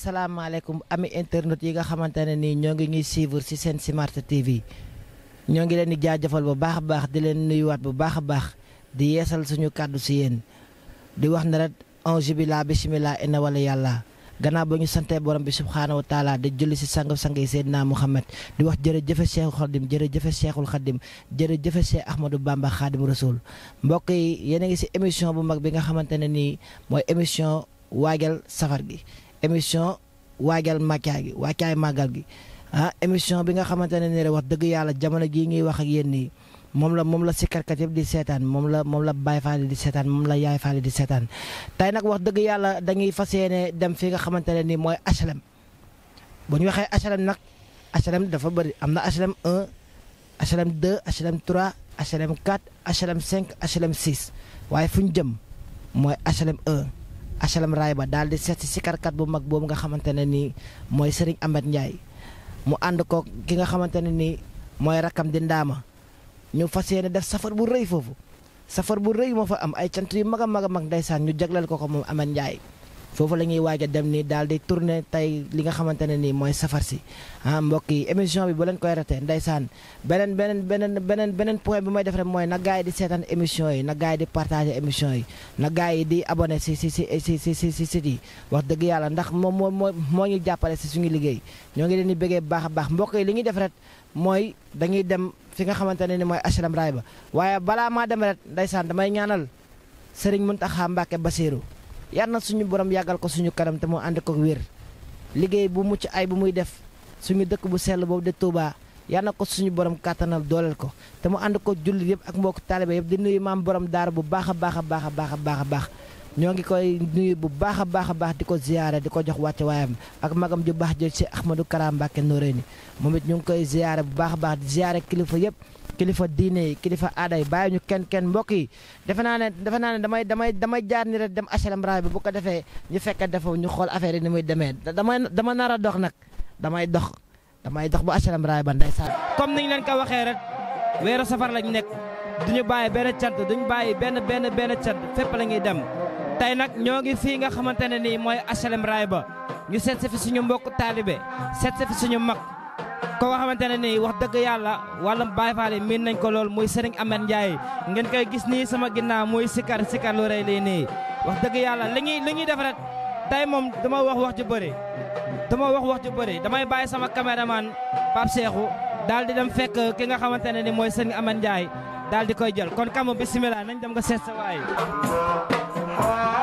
Assalamualaikum, ami internet yi nga xamantene ni ñoo ngi ñuy suivre ci sen Smart TV ñoo ngi leen di jaajeufal bu baax baax di leen nuyuwaat bu baax baax di yeesal suñu kàddu si yéen di wax ne rek ange bi laa bisimilah inna yàlla gannaaw ba ñu santee borom bi subxanahu wa taala di julli si sang sang yi Seydina Muhammad di wax jërëjëf Cheikhul Khadim seexul Cheikhul Khadim jërëjëf Cheikh Ahmadou Bamba Khadim Rasoul mbokk yi yéen a ngi si émission bu mag bi nga xamante ne nii mooy émission waajal safar gi émission waajal màccaay gi wàccaay màggal gi ah émission bi nga xamante ne nii wax dëgg yàlla jamono jii ñuy wax ak yéen nii. moom la moom la sikkarkat yëpp di seetaan moom la moom la Baay Faal di seetaan moom la Yaay Faal di seetaan tey nag wax dëgg yàlla dañuy fas yéene dem fi nga xamante ne nii mooy HLM bu ñu waxee HLM nag HLM dafa bëri am na HLM 1 HLM 2 HLM 3 HLM 4 HLM 5 HLM 6 waaye fu ñu jëm mooy HLM 1 HLM raay ba daal di seet si sikkarkat bu mag boobu nga xamante ne nii mooy Serigne Ahmed Ndiaye mu ànd ko ki nga xamante ne nii mooy rakkam di ñu fas yéene def safar bu rëy foofu safar bu rëy moo fa am ay cant yu mag mag a mag ñu jagleel ko ko moom Amane jaay foofu la ñuy waaj a dem nii daal di turne tey li nga xamante ne nii mooy safar si ah mbokk yi émission bi bu leen koy ratee ndeysaan beneen beneen beneen beneen beneen point bi may def rek mooy na gars yi di seetaan émission yi na gars yi di partagé émission yi na gars yi di abonné si si si si si si si site yi wax dëgg yàlla ndax moom moo moo moo ñu jàppale si suñu liggéey ñoo ngi leen di bëggee baax a baax yi li ñuy def rek mooy dañuy dem fi nga xamante ne ni mooy HLM raay ba waaye balaa maa dem rek ndeysaan damay ñaanal Serigne Mountakha Mbacké Bassirou yal na suñu borom yàggal ko suñu kanam te mu ànd ko wér liggéey bu mucc ay bu muy def suñu dëkk bu sell boobu de Touba yal na ko suñu borom kàttanal dooleel ko te mu ànd ko jullit yëpp ak mbokk taalibe yëpp di nuyu maam borom daar bu baax a baax a baax a baax a baax. ñoo ngi koy nuyu bu baax a baax a baax di ko ziyaare di ko jox wàcce waayam ak magam ju baax jël ci Ahmadou Kara Mbacké Noreyni moom it ñu ngi koy ziyaare bu baax a baax di ziyaare kilifa yëpp kilifa diine yi kilifa aada yi bàyyi ñu kenn kenn mbokk yi defe naa ne defe naa ne damay damay damay jaar ni rek dem HLM raay bi bu ko defee ñu fekk dafa ñu xool affaire yi ni muy demee damay dama nar a dox nag damay dox damay dox bu HLM raay ba ndeysaan comme niñ leen ko waxee rek weeru safar lañ nekk duñu bàyyi benn cant duñu bàyyi benn benn benn cant fépp la ñuy tay nak ñoo ngi fii nga xamantene ni moy aslam HLM Rayba ñu set si fi suñu mbokk talibé set si fi suñu mak ko xamantene ni wax deug yalla wàllum Baay Faal min nañ ko lol moy Serigne amane ndjay ngeen kay gis ni sama ginnaw moy sikar sikar lo rëy lii wax deug yalla li ñuy li ñuy def rek tay mom dama wax wax ju dama wax wax ju bëri damay baye sama cameraman pap Cheikhou dal di dem fekk ki nga xamantene ni moy Serigne amane ndjay dal di koy jël kon kamu bismillah nañ dem nga sét sa way 好啊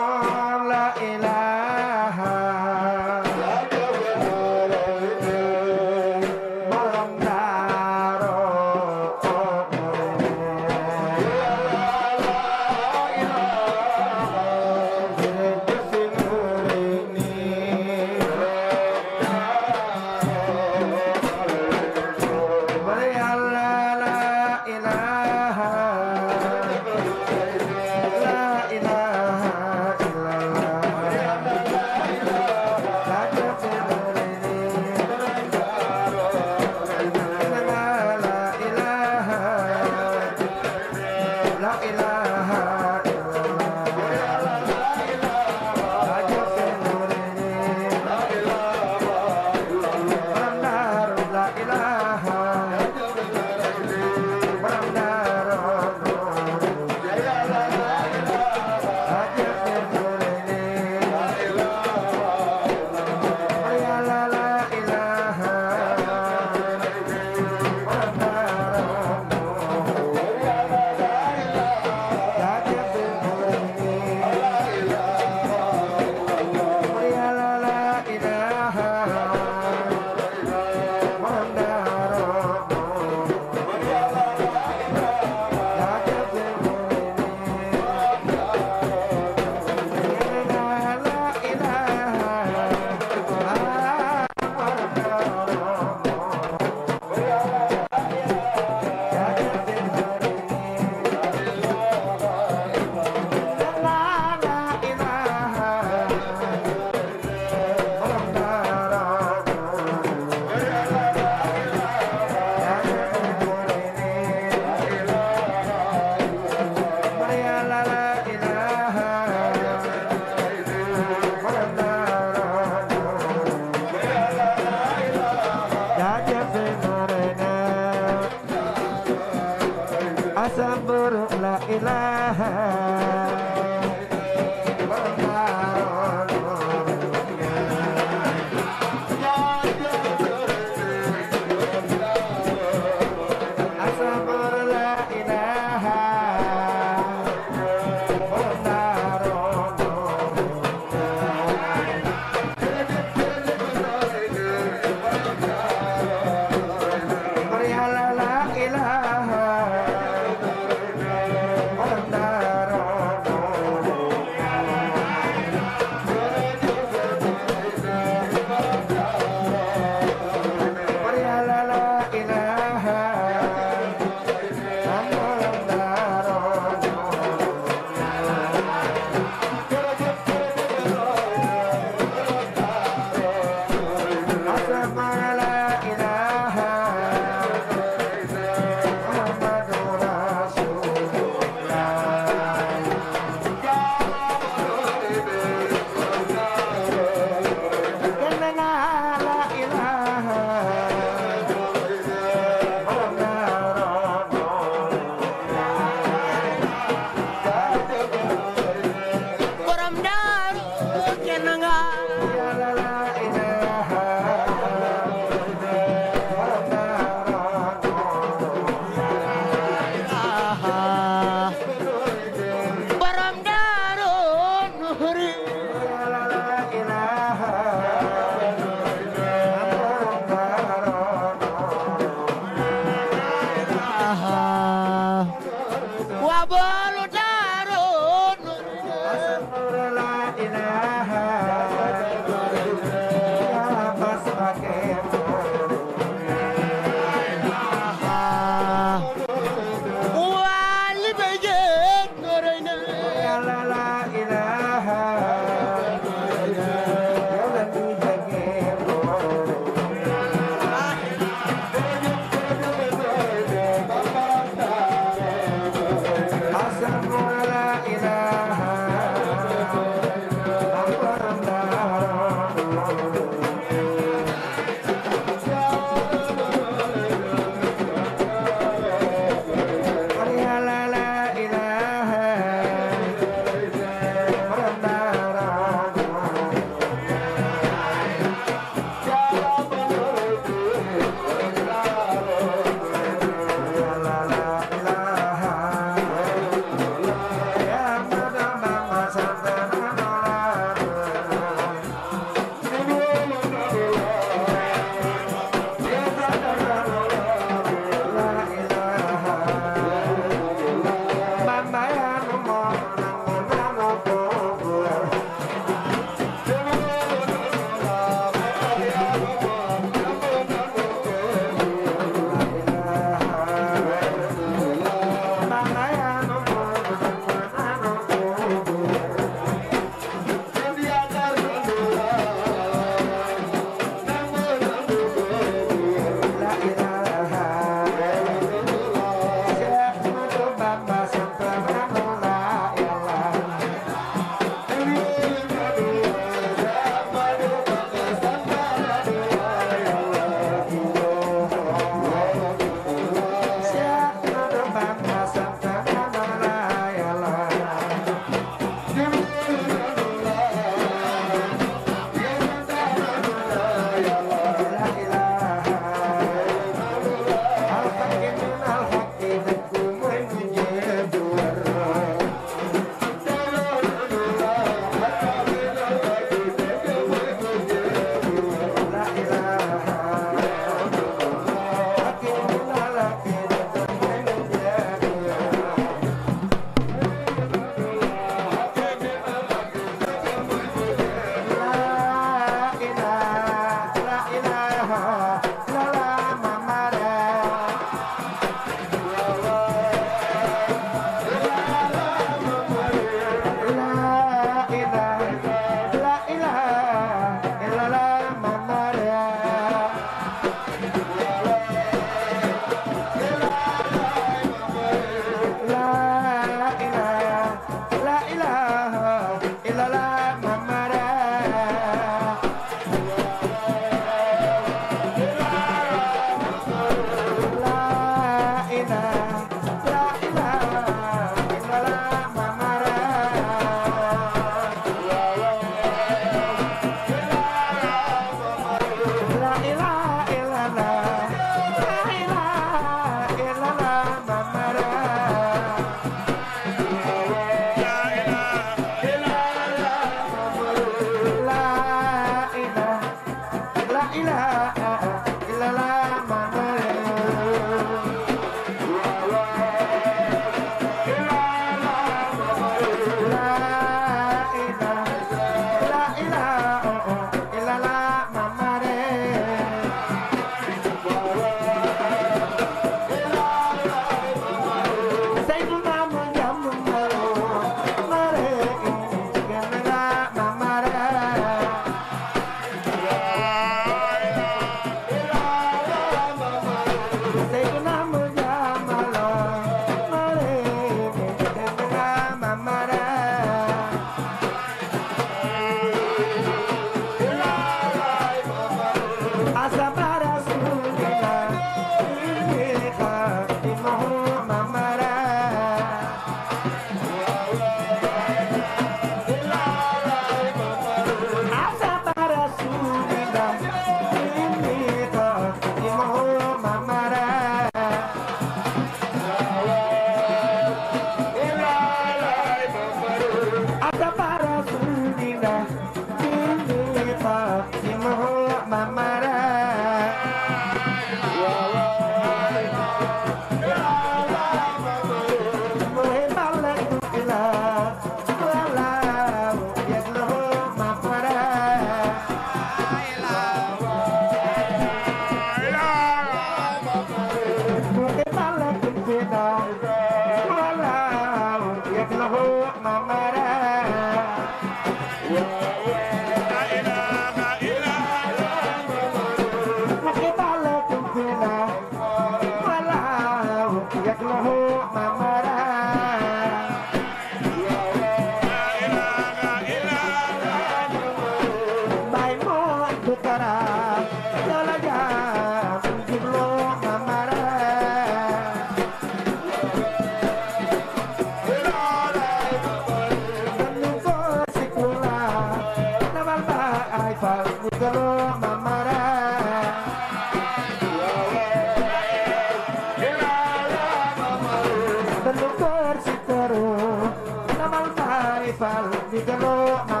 the Lord.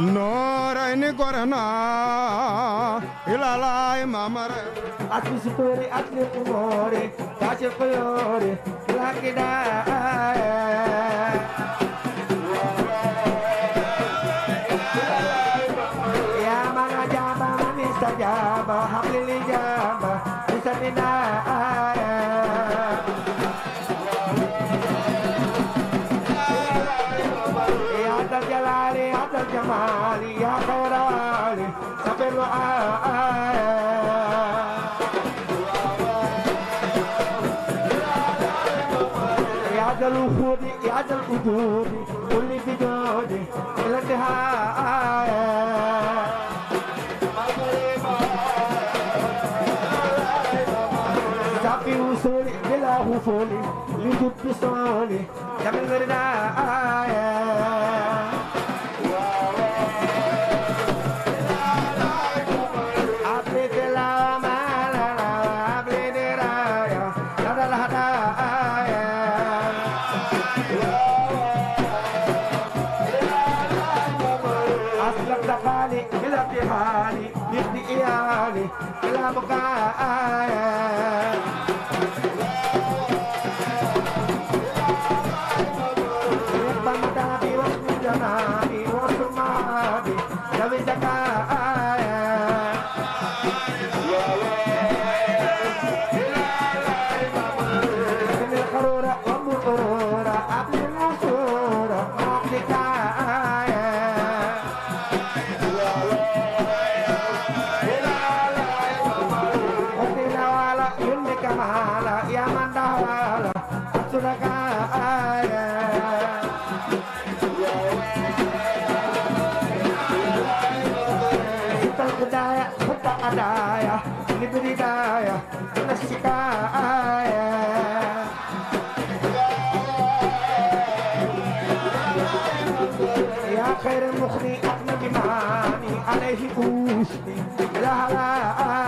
نورين قرنا إلى لا مامر أتلي سطوري أتلي قموري تاج القيوري لكن حبل الإجابة بسمنا آية يا ذا الجلال يا ذا الجمال يا خيرال سبل آية يا ذا الوفود يا ذا الأجور verdad. cabeza acá. mais. Lá, lá, lá.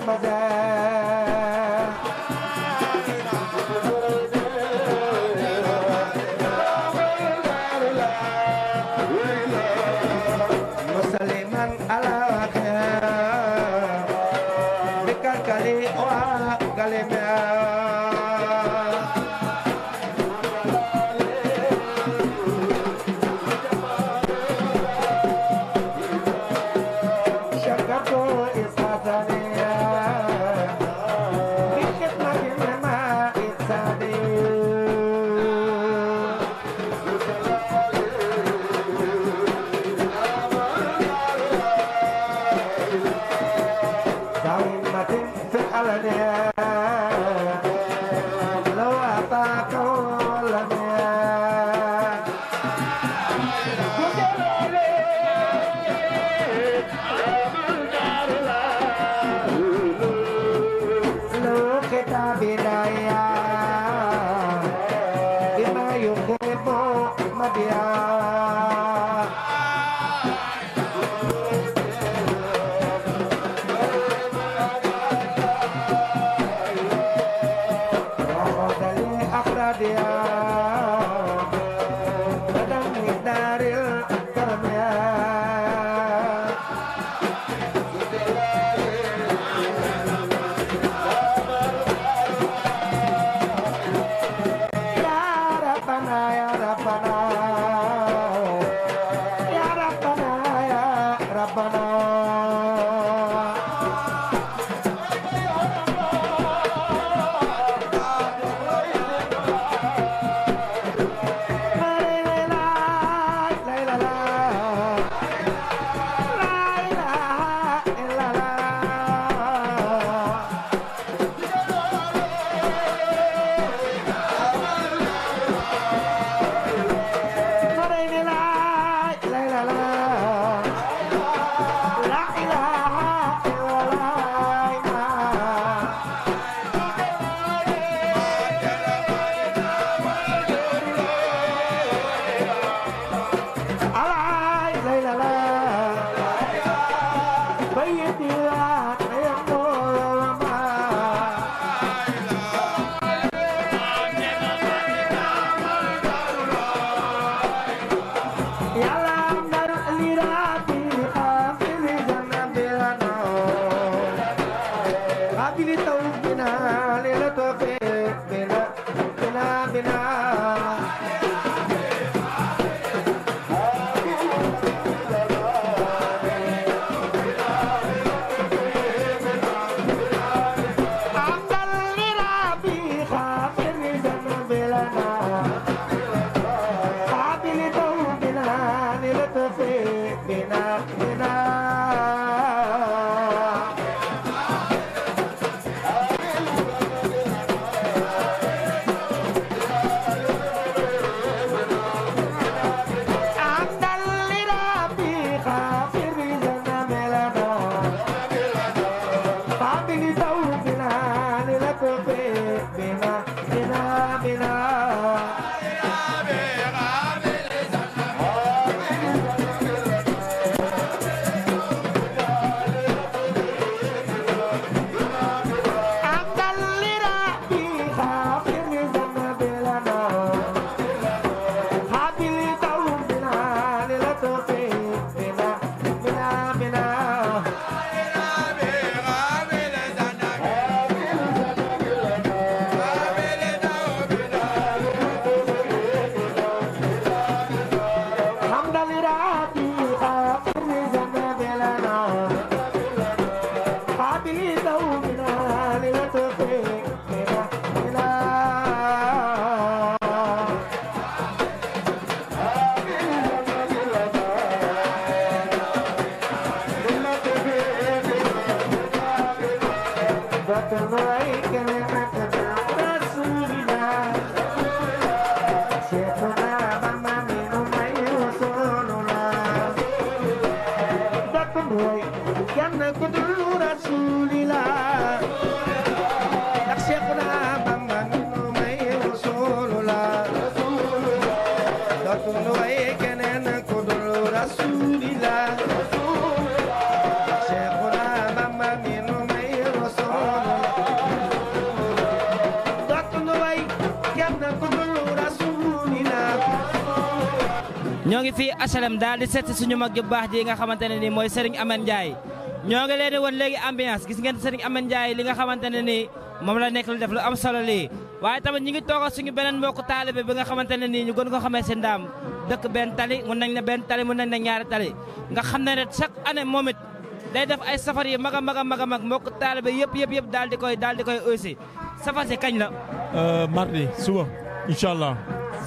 Christmas. ñogi fi fii HLM daal di seet suñu mag yu baax ji nga xamantene ni moy Serigne Amane Ndiaye ñogi ngi leen di wan léegi ambiance gis ngeen Serigne Amane Ndiaye li nga xamantene ni mom la nekk lu def lu am solo li waye tamit ñi ngi toogal suñu benen mbokku talibé bi nga xamantene ni ñu gën ko xamé sen ndaam dëkk ben tali mu nañ ne ben tali mu nañ na ñaari tali nga xamné rek chaque année momit day def ay safar yi mag maga mag mag a talibé mbokku taalibe yëpp dal di koy dal di koy aussi safar ci kañ la euh, mardi suba inshallah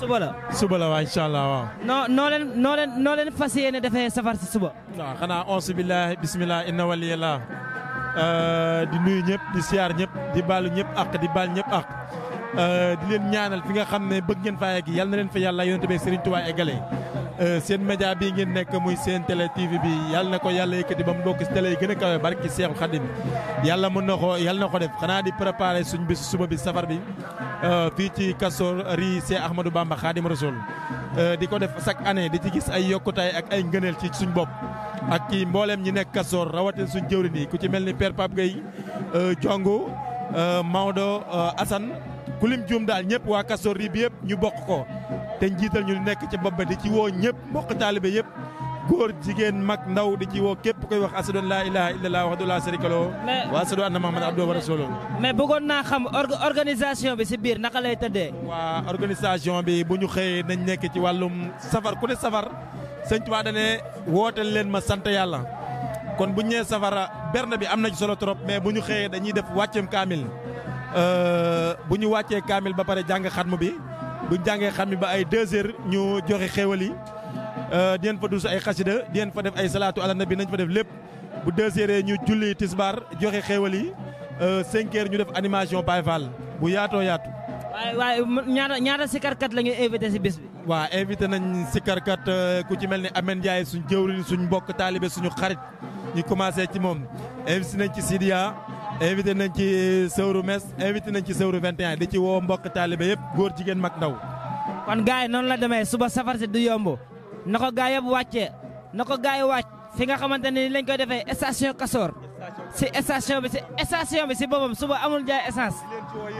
suba la. suba la waaw allah waaw. noo noo leen noo leen fas yéene defee safar si suba. waaw xanaa onsi billahi bisimilah inna waliyallah euh, di nuyu ñëpp di siyaar ñëpp di baalu ñëpp ak di baal ñëpp ak euh, di leen ñaanal fi nga xam ne bëgg ngeen faa yegg yal na leen fa yàlla yonent bi Serigne Touba eggale Euh, seen média bii ngeen nekk muy seen télé TV bi yàlla na ko yàlla yëkkati ba mu bokk si télé yi gën a kawe barki Seexul Xadim yàlla mën na ko yàlla na ko def xanaa di préparé suñ bi suba bi safar bi euh, fii ci Castors ri Seex Ahmadou Bamba Xadim Rasul euh, di ko def chaque année di ci gis ay yokkutaay ak ay ngëneel ci suñ bopp ak ci mbooleem ñi nekk Castors rawatin suñ jëwrin yi ku ci mel ni Père Pape Gueye Jongo Maodo Assane ku lim juum daal ñëpp waa Castor Rib yëpp ñu bokk ko te njiital ñu nekk ca bopp di ci woo ñëpp mbokk taalibe yëpp góor jigéen mag ndaw di ci woo képp koy wax asadu an laa wax illallah wahdahu laa sharika lahu wa asadu anna muhammadan abduhu wa rasuluhu mais bëggoon naa xam organisation bi si biir naka lay tëddee waa organisation bi bu ñu xëyee nañ nekk ci wàllum safar ku ne safar sëñ Tuubaa dane wooteel leen ma sant yàlla kon bu ñëwee safara berne bi am na ci solo trop mais bu ñu xëyee dañuy def wàccem kaamil Euh, bu ñu wàccee kaamil ba pare jàng xatmu bi bu ñu jàngee xatmu ba ay deux ñu joxe xéewal yi euh, di leen fa dus ay xasida di leen fa def ay salaatu na bi nañ fa def lépp bu deux ñu julli tisbaar joxe xéewal yi euh, cinq ñu def animation Baye Fall bu yaatoo yaatu. waaye waaye ñaata ñaata sikarkat la ñu invité si bés bi. waaw invité nañ sikarkat ku ci mel ni Amène Ndiaye suñ jëwriñ suñ mbokk taalibe suñu xarit ñu commencé ci moom invité nañ ci Sidiya. invité nañ ci sëwru mes invité nañ ci sëwru 21 di ci woo mbokk taalibe yëpp góor jigéen mak ndaw. kon gaay yi noonu la demee suba safar si du yomb na gaay yëpp wàccee na ko gaay yi wàcc fi nga xamante ne lañ koy defee station Kasoor. si station bi si station bi si boppam suba amul jaay essence.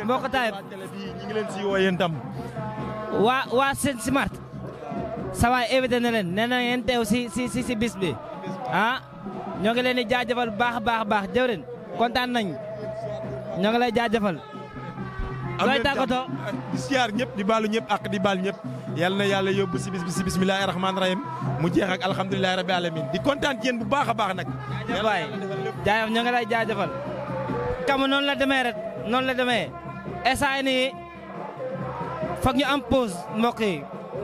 mbokk taalibe ñi ngi si woo yéen tam. waa waa Sen Smart. invité na nee na ngeen teew si si si bis bi ah ñoo ngi leen di jaajëfal baax a baax baax jëwrin kontaan nañ ñoo ngi lay jaajëfal. am looy tàggatoo di siyaar ñëpp di baalu ñëpp ak di baal ñëpp. yal na yàlla yóbbu si bis bi si bismillahi rahmaani rahim mu jeex ak alhamdulilahi rabbi alamin di kontaan ci yéen bu baax a baax nag. jaajëf waay jaajëf ñoo ngi lay jaajëfal. kamu noonu la demee rek noonu la demee instant yii nii foog ñu am pause mbokk yi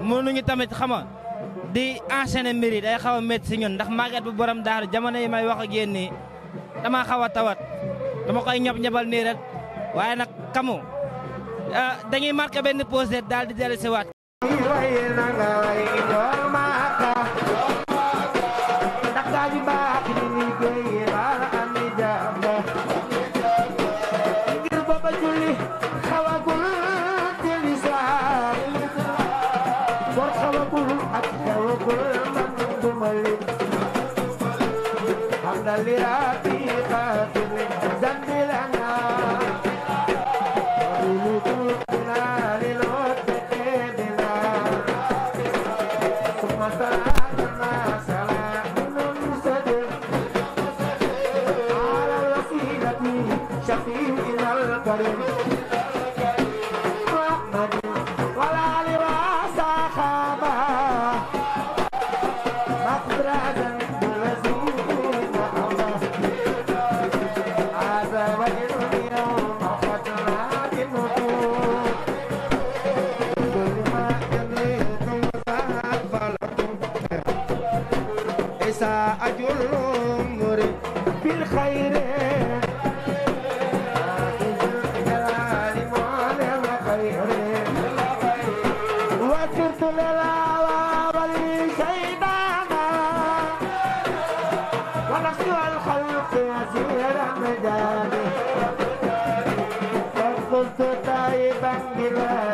mënuñu tamit xama di enchaîner mbir yi day xaw a métti si ñun ndax màgget bu borom daaru jamono yi may wax ak yéen nii. dama xaw a tawat dama koy ñob ñabal nii rek waaye nag kamu ah, dañuy marqué benn pause daal di dellusiwaat. Yeah.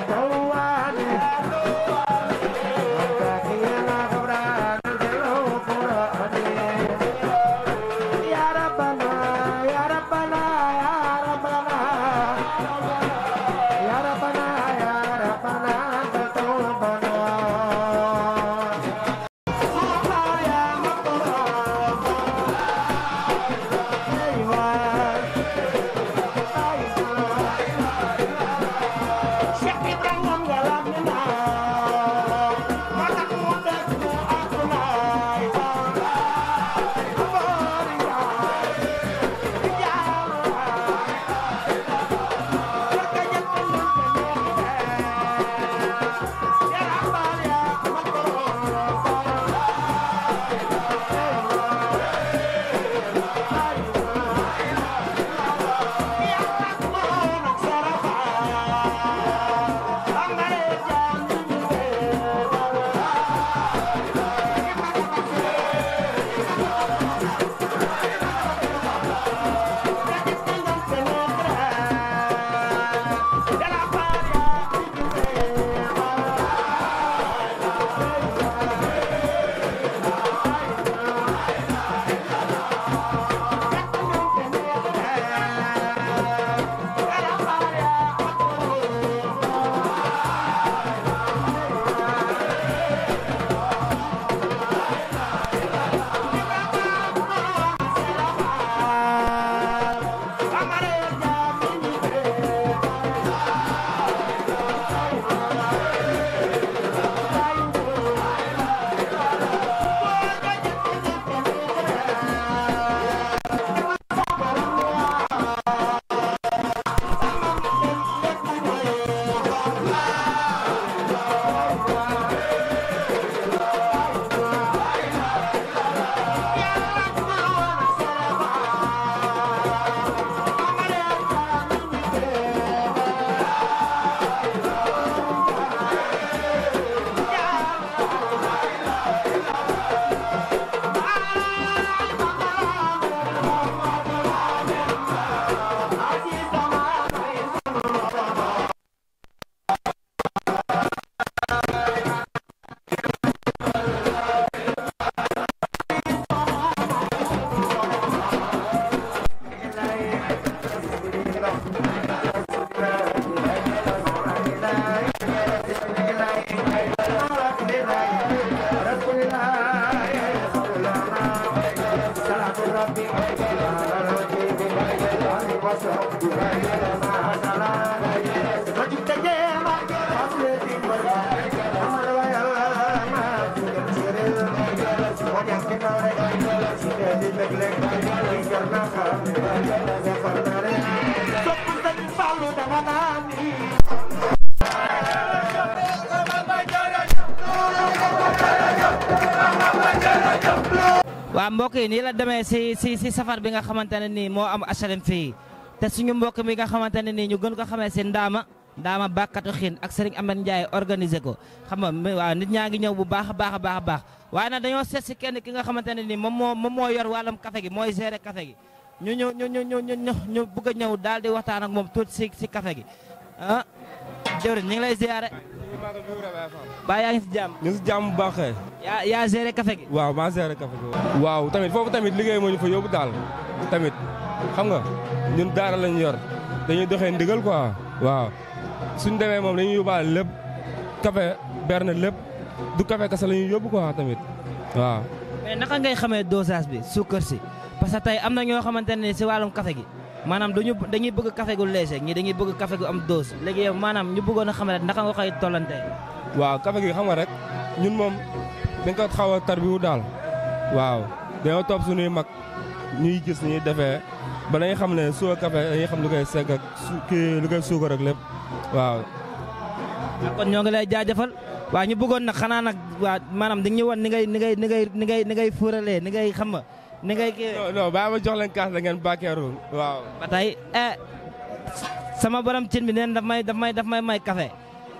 waa ini la demé si si si safar bi nga xamante ni mo am HLM fi té suñu mbok mi nga xamante ni ñu gën ko xamé si ndaama ndaama bakatu xin ak Serigne amane ndjay organiser ko xam nga wa nit ñaangi ñew bu baax baax baax baax waaye dañoo sét ci kenn ki nga xamante ni mom mo mo yor walam café gi moy géré café gi ñu ñëw ñu ñu ñu ñu ñu bëgg a ñëw daal di waxtaan ak moom tuuti si si café gi ah jërëjëf ñu ngi lay ziare. baa yaa ngi si jàmm. ñu ngi si jàmm bu baax yaa yaa géré café gi. waaw maa géré café gi waaw tamit foofu tamit liggéey moo ñu fa yóbbu daal tamit xam nga ñun daara lañ yor dañuy doxee ndigal quoi waaw suñ demee moom dañuy yóbbaale lépp café berne lépp du café kese la ñuy yóbbu quoi tamit waaw. mais naka ngay xamee dosage bi suukar si. parce tey am na ñoo xamante ne si wàllum kafe gi maanaam dañu dañuy bëgg café gu léger ñi dañuy bëgg kafe gu am dose léegi yow ñu bëggoon a xam rek naka nga koy tollante waaw café gi xam nga rek ñun moom dañ ko xaw a tarbiwu daal waaw dañoo topp suñuy mag ñuy gis ñuy defee ba dañuy xam ne suuka café dañuy xam lu koy segg ak kii lu koy suukar ak lépp waaw ah, kon ñoo ngi lay jaajëfal waa ñu bëggoon na xanaa nag waa maanaam dañu ñu wan ni ngay ni ngay ni ngay ni ngay ni ngay ngay xam nga ni ngay kiiwee non non baa ma jox leen kaas da ngeen bàkkeeru waaw. ba tey eh, sama borom cin bi nen daf may daf may daf may may kafe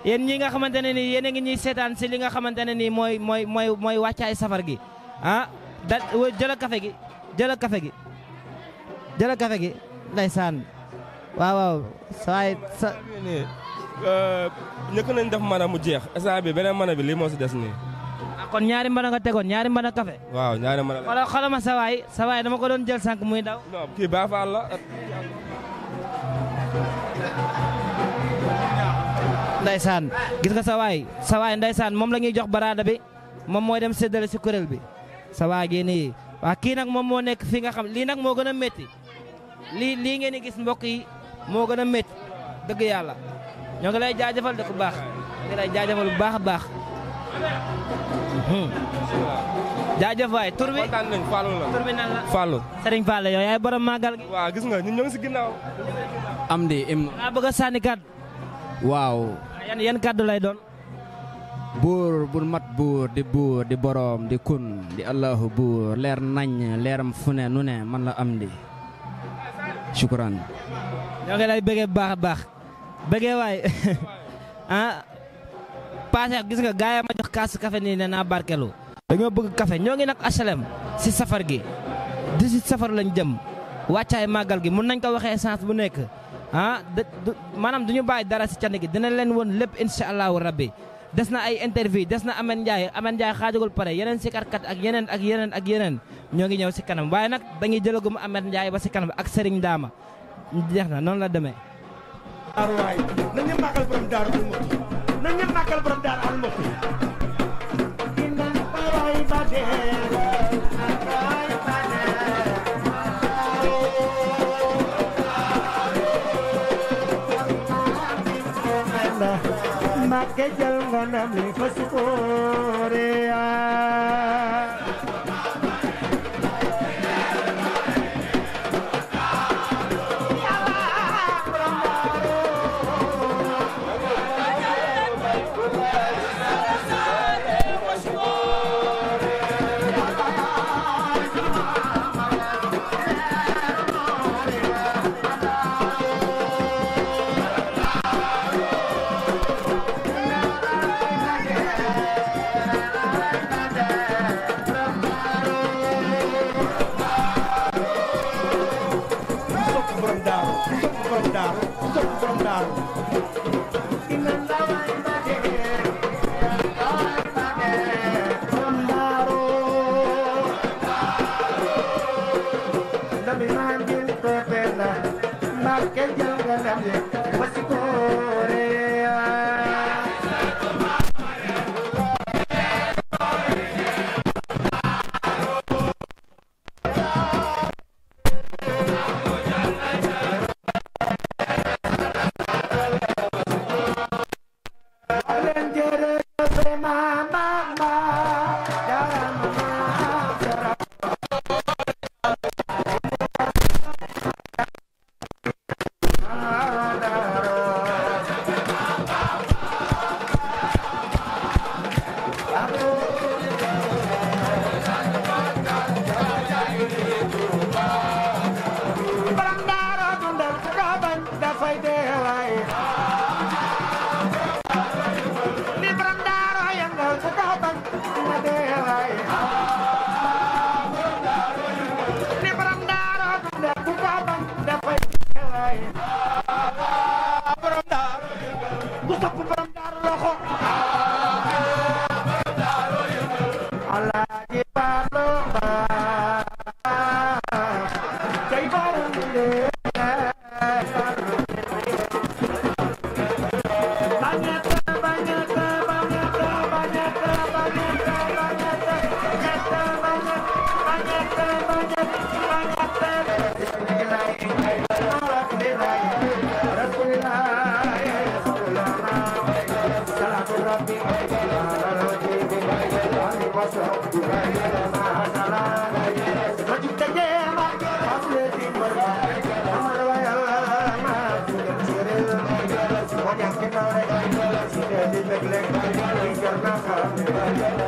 yéen ñi nga xamante ne nii yéen a ngi ñuy seetaan si li nga xamante ne nii mooy mooy mooy mooy wàccaay safar gi ah da jëla kafe gi jëla kafe gi jëla kafe gi ndeysaan waaw waaw saay sa ñëkk euh, nañ def mën a mu jeex instant bi beneen mën a bi lii moo si des nii kon ñaari mbana nga mana ñaari mbana café waaw ñaari mbana wala xalama sa waay sa waay dama ko doon jël sank muy daw sawai, kii ba faal la ndaysaan gis nga sa barada bi moom ada dem séddale si bi sa gini, gi nii waa kii nag moom moo nekk fi nga xam li nag moo gën a métti lii lii ngeen di gis mbokk yi moo gën a bah jaajëf waay tur bi kontaan nañ Fallou la tur bi nan la Fallou Serigne Fallou yow yaay borom màggal gi waaw gis nga ñun ñoo si ginnaaw am di im laa bëgg a sànni kàddu waaw yan yan kàddu lay doon buur bu mat buur di buur di borom di kun di allahu buur leer nañ leeram fu ne nu ne man la am di shukran ñoo ngi lay bëggee baax baax bëggee waay ah passé gis nga gaay ma jox kaasu café nii nee naa barkelu dañoo bëgg kafe ñoo ngi nag HLM si safar gi 18 safar lañ jëm wàccaay màggal gi mun nañ ko waxee essence bu nekk ah maanaam du ñu bàyyi dara si cant gi dina leen woon lépp incha allahu rabbi des na ay interview des na Amane Ndiaye Amane Ndiaye xaajagul pare yeneen si sikarkat ak yeneen ak yeneen ak yeneen ñoo ngi ñëw si kanam waaye nag dañuy jëlagum Amane Ndiaye ba si kanam ak Serigne daama jeex na noonu la demee. na ngeen màggal borom daal am mbokk yi dina baray ba dee Màggal jël ngonam li fas ko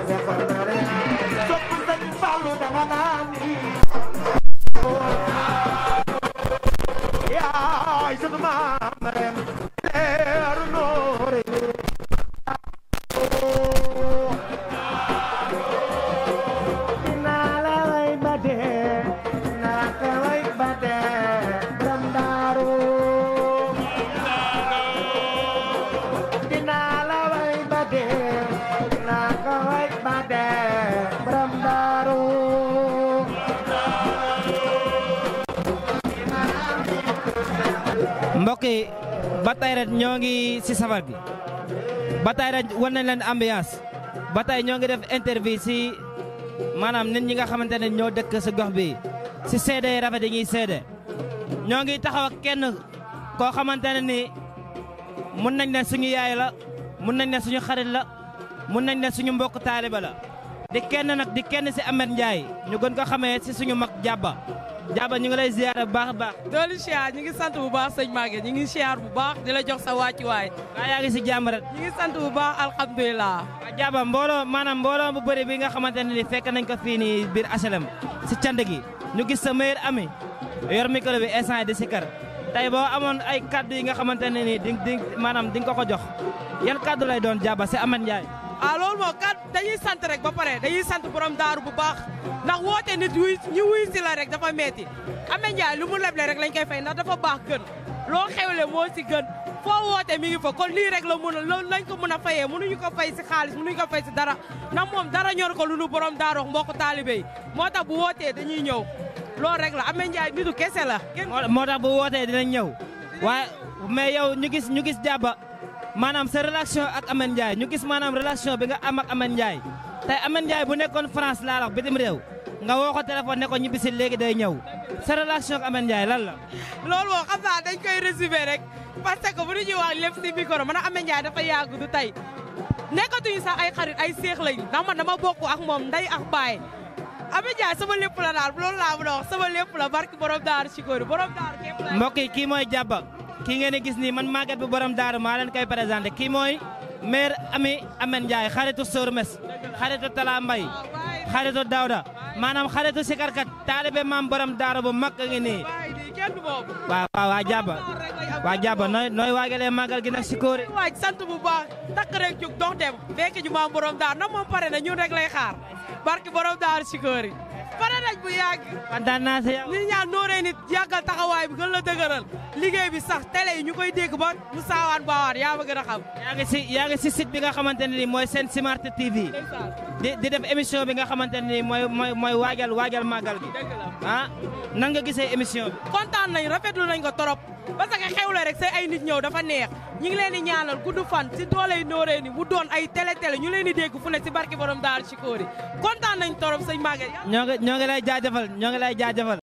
never ñoo ngi si safar gi ba tey rek war nañ leen ambiance ba tey ñoo ngi def interview si maanaam nit ñi nga xamante ne ñoo dëkk ci gox bi ci seede yi rafet yi ñuy seede ñoo ngi taxaw kenn koo xamante ne ni mun nañ ne suñu yaay la mun nañ ne suñu xarit la mun nañ ne suñu mbokk taaliba la di kenn nag di kenn si Ameth Ndiaye ñu gën ko xamee si suñu mag jàbba jaaba ñu ngi lay ziyaare bu baax a baax doolu siyaar ñu ngi sant bu baax sëñ Maguette ñu ngi siyaar bu baax di la jox sa wàccuwaay waa yaa ngi si jàmm rek ñu ngi sant bu baax alhamdulilah waa jaaba mbooloo maanaam mbooloo bu bëri bi nga xamante ne ni fekk nañ ko fii nii biir HLM si cant gi ñu gis sa meilleur ami yor micro bi instant di si kar tey boo amoon ay kaddu yi nga xamante ne ni di di maanaam di nga ko ko jox yan kaddu lay doon jaaba si Amath Ndiaye ah loolu moom kat dañuy sant rek ba pare dañuy sant borom daaru bu baax ndax woote nit wuy ñu wuy si la rek dafa metti Amé Ndiaye lu mu leble rek lañ koy fay ndax dafa baax gën loo xewle moo si gën foo woote mi ngi fa kon lii rek la mun a loolu lañ ko mën a fayee ñu ko fay si xaalis mënuñu ko fay si dara ndax moom dara ñor ko lu nu borom daaru wax mbokk taalibe yi moo tax bu wootee dañuy ñëw loolu rek la Amé Ndiaye nitu kese la. moo tax bu wootee dinañ ñëw waaye mais yow ñu maanaam sa relation ak Ameth ñu gis maanaam relation bi nga am ak Ameth Ndiaye bu nekkoon France laa wax bitim réew nga woo ko téléphone ne ko ñibbi si léegi day ñëw sa relation ak Ameth Ndiaye lan la. loolu moom xam naa dañ koy résumé rek parce que bu ñu wax lépp si micro man Ameth Ndiaye dafa yàgg du tey nekkatuñu sax ay xarit ay seex lañu ndax man dama bokk ak moom nday ak baay Ameth Ndiaye sama lépp la daal loolu laa mën a wax sama lépp la barki borom daar ci góor borom daar képp la. mbokk yi kii ngeen di gis nii man màggat bu borom daaru maa leen koy présenté kii mooy maire ami Amen Ndiaye xaritu Sër Mes xaritu Tala Mbaye xaritu Daouda maanaam xaritu sikarkat taalibe maam borom daara bu mag a ngi nii waaw waaw waa jàbba waa jàbba nooy nooy waajalee màggal gi nag si kóore waaj bu baax takk rek jug dox dem fekk ju maam borom daar na moom pare na ñun rek lay xaar barki borom daar si kóori pare nañ bu yàgg kontaan naa si sax télé yi ñu koy dégg ba mu saawaan baawaan yaa ma gën a xam yaa si yaa bi nga xamante ne nii mooy seen Smart TV di di def émission bi nga xamante ne mooy mooy waajal waajal màggal gi ah nan nga gisee émission bi. kontaan nañ rafetlu nañ ko trop parce que xew la rek say ay nit ñëw dafa neex ñu ngi leen di ñaanal gudd fan si doole yi nooree ni bu doon ay télé télé ñu leen di dégg fu ne si barki borom daal si kóor yi kontaan nañ trop sëñ màggal. ñoo ngi ñoo ngi lay jaajëfal ñoo ngi lay jaajëfal.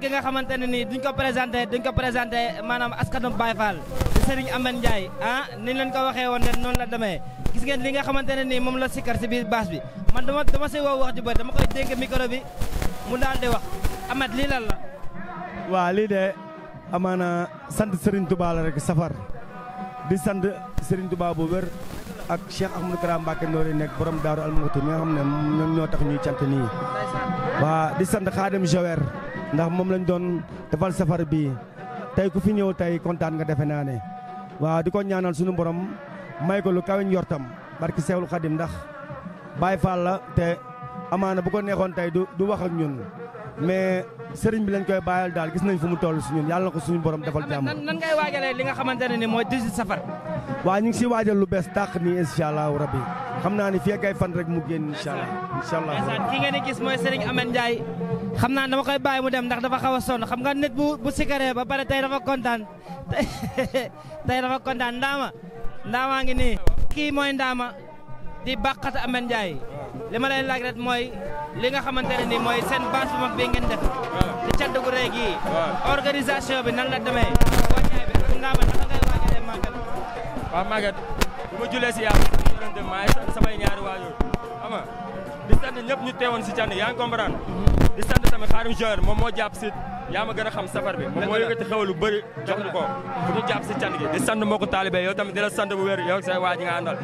gi nga xamante ne nii duñ ko présenté duñ ko présenté maanaam askanu Baye Fall di Serigne Ameth Ndiaye ah ni leen ko waxee woon ren noonu la demee gis ngeen li nga xamante ne nii moom la sikkar si biir baas bi man dama dama si woo wax ju bëri dama koy dénk micro bi mu daal di wax Ameth lii lan la. waa lii de amaana sant Serigne Touba la rek safar di sant Serigne Touba bu wér ak Cheikh Ahmadou Kara Mbacké noonu nekk borom Daaru Almuti mi nga xam ne ñoom ñoo tax ñuy cant nii. waa di sant Khadim Jower. ndax moom lañ doon defal safar bi tey ku fi ñëw tey kontaan nga defe naa ne waaw di ko ñaanal suñu borom may ko lu kawe njortam barki Seexul Xadim ndax Baay Faal la te amaana bu ko neexoon tey du du wax ak ñun mais sëriñ bi lañ koy bàyyal daal gis nañ fu mu toll suñu ñun yàlla na ko suñu borom defal jàmm. nan ngay waajalee li nga xamante ne ni mooy 18 safar. waa ñu ngi si waajal lu bees tàq nii incha allahu rabi xam naa ni fii ak fan rek mu génn incha allah. incha allah ki ngeen di gis mooy Serigne Ameth Ndiaye xam naa dama koy bàyyi mu dem ndax dafa xaw a sonn xam nga nit bu bu sikaree ba pare tey dafa kontaan tey dafa kontaan ndaama ndaamaa ngi nii. kii mooy ndaama di bàqat Ameth Ndiaye li ma lay laaj rek mooy li nga xamante ne nii mooy seen bâche bu mag bi ngeen def. di caddu gu gii organisation bi waaw Maguette bu ma jullee si yàlla yonente maa ngi sant samay ñaari waajur xam moo jàpp a xam safar moo yëkkati xew lu gi waaj nga àndal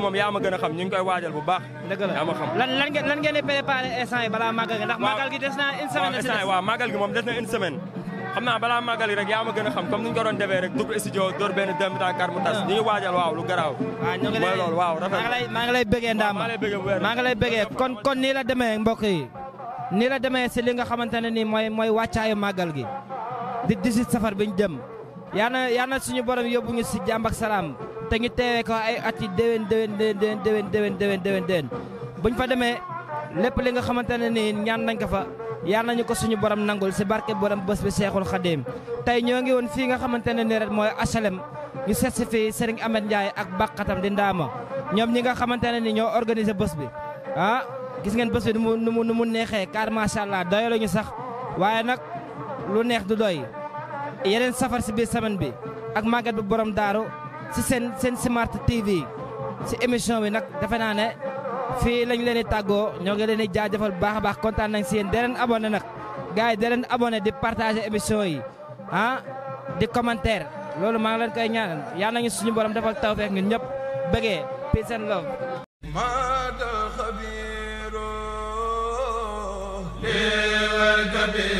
moom yaa ma a xam ñu waajal bu baax yaa xam lan lan ngeen préparé instant yi balaa màggal gi moom des na une xam naa balaa màggali rek yaa a xam comme ni ñu ko doon defee rek double studio door benn deux mi-temps quart waaw lu maa ngi lay bëggee ndaama maa ngi lay bëggee kon kon nii la demee mbokk yi nii la demee si li nga xamante ne nii mooy mooy wàccaayu màggal gi di 18 safar bi ñu jëm yaa na yaa na suñu borom yóbbu ñu si jàmm salaam te ñu teewee ko ay at yi déwén déwén déwén déwén déwén déwén déwén déwén buñ fa demee lépp li nga xamante ne nii ñaan nañ ko fa na nañu ko suñu borom nangul si barke borom bés bi Seexul Xadim tey ñoo ngi woon fii nga xamante ne nii rek mooy HLM ñu seet si fii Serigne Ahmed Ndiaye ak bàqatam di ndaama ñoom ñi nga xamante ne ni ñoo organisé bés bi ah gis ngeen bés bi nu mu nu mu nu mu neexee car macha allah doy lañu sax waaye nag lu neex du doy yeneen safar si biir semaine bi ak màgget bu borom daaru si seen seen si émission bi nag defe naa ne fii lañ leen di tàggoo ñoo ngi leen di jaajëfal baax a baax kontaan nañ si yéen da leen abonné nag yi da di partager émission yi ah di commentaire loolu maa ngi leen koy ñaanal yaa nañu suñu borom defal tawfeex ñun ñëpp bëggee peace and love maada xabiiro